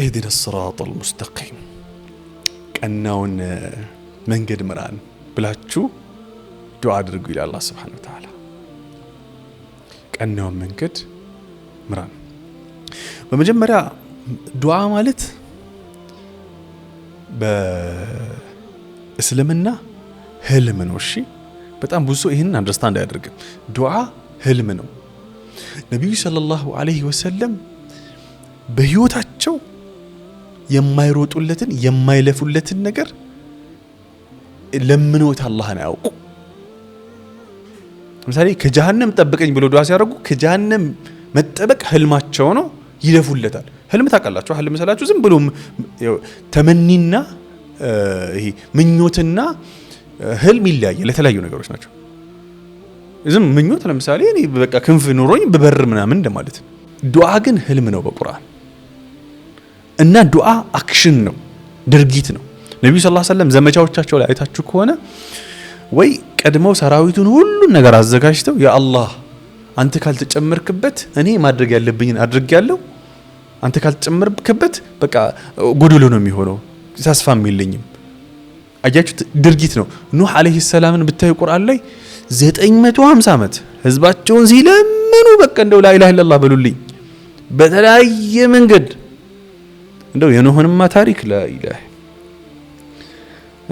ኢህዲነ ስራጠል ሙስተቂም ቀናውን መንገድ ምራን ብላችሁ ዱዓ አድርጉ ይላል አላህ ስብሓነሁ ወተዓላ። ቀናውን መንገድ ምራን። በመጀመሪያ ዱዓ ማለት በእስልምና ህልም ነው። እሺ፣ በጣም ብዙ ይህንን አንደርስታንድ አያደርግም። ዱዓ ህልም ነው። ነቢዩ ሰለላሁ አለይሂ ወሰለም በህይወታቸው የማይሮጡለትን የማይለፉለትን ነገር ለምንወት አላህን አያውቁ። ለምሳሌ ከጀሃነም ጠብቀኝ ብሎ ዱዓ ሲያደርጉ ከጀሃነም መጠበቅ ህልማቸው ነው፣ ይለፉለታል። ህልም ታውቃላችሁ፣ ህልም ስላችሁ ዝም ብሎ ተመኒና ምኞትና ህልም ይለያየ ለተለያዩ ነገሮች ናቸው። ዝም ምኞት ለምሳሌ እኔ በቃ ክንፍ ኑሮኝ ብበር ምናምን እንደማለት፣ ዱዓ ግን ህልም ነው በቁርአን እና ዱዓ አክሽን ነው፣ ድርጊት ነው። ነቢዩ ሰለላሁ ዐለይሂ ወሰለም ዘመቻዎቻቸው ላይ አይታችሁ ከሆነ ወይ ቀድመው ሰራዊቱን ሁሉን ነገር አዘጋጅተው የአላህ አንተ ካልተጨመርክበት እኔ ማድረግ ያለብኝን አድርጌያለሁ፣ አንተ ካልተጨመርክበት በቃ ጎደሎ ነው የሚሆነው፣ ተስፋም የለኝም። አያችሁት፣ ድርጊት ነው። ኑህ አለይሂ ሰላምን ብታዩ ቁርአን ላይ 950 ዓመት ህዝባቸውን ሲለምኑ በቃ እንደው ላኢላሃ ኢለላህ በሉልኝ በተለያየ መንገድ እንደው የኖህንማ ታሪክ ላኢላ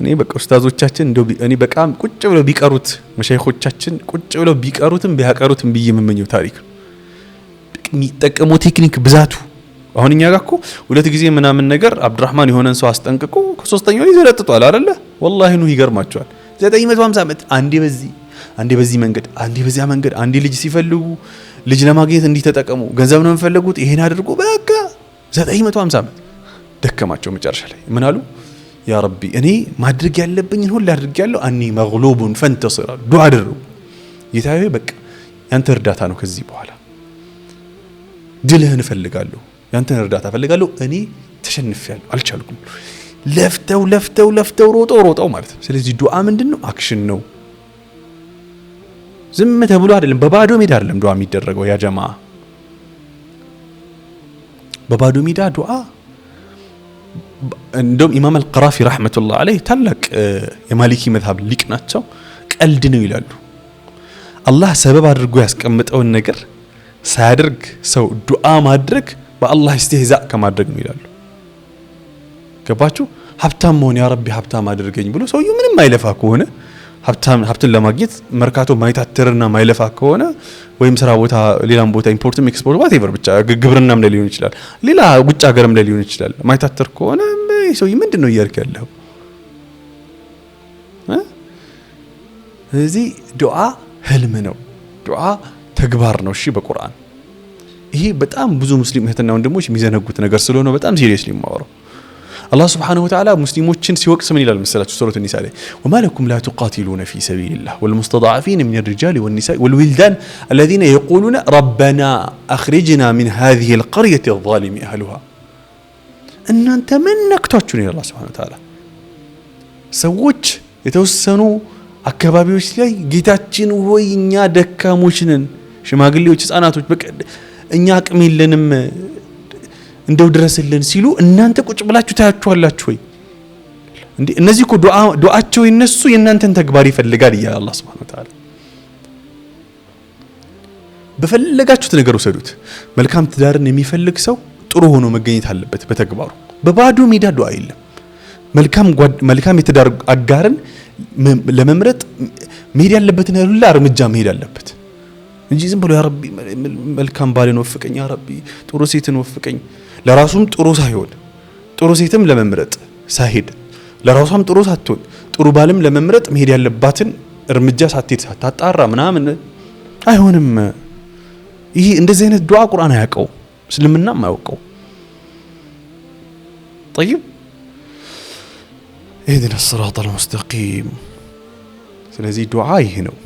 እኔ በቃ ኡስታዞቻችን እንደው እኔ በቃም ቁጭ ብለው ቢቀሩት መሻይኾቻችን ቁጭ ብለው ቢቀሩትም ቢያቀሩትም ብዬ የምመኘው ታሪክ ነው። ቴክኒክ ብዛቱ አሁን እኛ ጋር እኮ ሁለት ጊዜ ምናምን ነገር አብዱራህማን የሆነን ሰው አስጠንቅቆ ከሶስተኛው ይዘለጥጧል አይደለ? ወላሂ ኑ ይገርማቸዋል። 950 ዓመት አንዴ በዚህ አንዴ በዚህ መንገድ አንዴ በዚያ መንገድ አንዴ ልጅ ሲፈልጉ ልጅ ለማግኘት እንዲህ ተጠቀሙ፣ ገንዘብ ነው የሚፈለጉት፣ ይሄን አድርጉ። በቃ 950 ዓመት ደከማቸው። መጨረሻ ላይ ምን አሉ? ያ ረቢ እኔ ማድረግ ያለብኝን ሁሉ አድርጌያለሁ፣ አኒ መግሉቡን ፈንተስር አሉ። ዱዓ አደረጉ። ጌታዬ በቃ ያንተ እርዳታ ነው ከዚህ በኋላ ድልህን እፈልጋለሁ፣ ያንተን እርዳታ እፈልጋለሁ። እኔ ተሸንፌያለሁ፣ አልቻልኩም። ለፍተው ለፍተው ለፍተው ሮጠው ሮጠው ማለት ነው። ስለዚህ ዱዓ ምንድን ነው? አክሽን ነው። ዝም ተብሎ አይደለም፣ በባዶ ሜዳ አይደለም ዱዓ የሚደረገው። ያ ጀማ በባዶ ሜዳ ዱዓ እንደውም ኢማም አልቀራፊ ረሕመቱላህ አለይ ታላቅ የማሊኪ መዝሀብ ሊቅ ናቸው። ቀልድ ነው ይላሉ። አላህ ሰበብ አድርጎ ያስቀምጠውን ነገር ሳያደርግ ሰው ዱዓ ማድረግ በአላህ እስትህዛእ ከማድረግ ነው ይላሉ። ገባችሁ? ሀብታም መሆን ያ ረቢ ሀብታም አድርገኝ ብሎ ሰውየ ምንም አይለፋ ከሆነ ሀብትን ለማግኘት መርካቶ ማይታተርና ማይለፋ ከሆነ ወይም ስራ ቦታ ሌላም ቦታ ኢምፖርትም ኤክስፖርት ዋቴቨር ብቻ ግብርናም ላይ ሊሆን ይችላል፣ ሌላ ውጭ ሀገርም ላይ ሊሆን ይችላል። ማይታተር ከሆነ ሰው ምንድን ነው እያልክ ያለው? ስለዚህ ዱዓ ህልም ነው። ዱዓ ተግባር ነው። እሺ በቁርአን ይሄ በጣም ብዙ ሙስሊም እህትና ወንድሞች የሚዘነጉት ነገር ስለሆነ በጣም ሲሪየስሊ የማወራው አላህ ስብሓነሁ ወተዓላ ሙስሊሞችን ሲወቅስ ምን ይላል መሰላችሁ? ሱረቱ ኒሳ ላይ ወማ ለኩም ላ ቱቃቲሉነ ፊ ሰቢልላህ ወልሙስተድዓፊነ ሚነ ሪጃል ወኒሳኢ ወልዊልዳን አለዚነ የቁሉነ ረበና አኽሪጅና ሚን ሃዚሂ ልቀርየት ዛሊሚ አህሉሃ። እናንተ ምን ነክቷችሁ ነው? አላህ ስብሓነሁ ወተዓላ ሰዎች የተወሰኑ አካባቢዎች ላይ ጌታችን ወይ እኛ ደካሞች ነን፣ ሽማግሌዎች፣ ህፃናቶች፣ በቃ እኛ አቅም የለንም እንደው ድረስልን ሲሉ እናንተ ቁጭ ብላችሁ ታያችኋላችሁ ወይ? እነዚህ እኮ ዱዓቸው የነሱ የእናንተን ተግባር ይፈልጋል እያለ አላህ ሱብሓነሁ ወተዓላ በፈለጋችሁት ነገር ውሰዱት። መልካም ትዳርን የሚፈልግ ሰው ጥሩ ሆኖ መገኘት አለበት በተግባሩ። በባዶ ሜዳ ዱዓ የለም። መልካም የትዳር አጋርን ለመምረጥ መሄድ ያለበትን ሁላ እርምጃ መሄድ አለበት። እንጂ ዝም ብሎ ያ ረቢ መልካም ባልን ወፍቀኝ፣ ያ ረቢ ጥሩ ሴትን ወፍቀኝ፣ ለራሱም ጥሩ ሳይሆን ጥሩ ሴትም ለመምረጥ ሳሄድ ለራሷም ጥሩ ሳትሆን ጥሩ ባልም ለመምረጥ መሄድ ያለባትን እርምጃ ሳትሄድ ሳታጣራ ምናምን አይሆንም። ይህ እንደዚህ አይነት ዱዓ ቁርአን አያውቀው፣ እስልምናም አያውቀው። ጠይብ ኢህዲነ ሲራጠል ሙስተቂም። ስለዚህ ዱዓ ይህ ነው።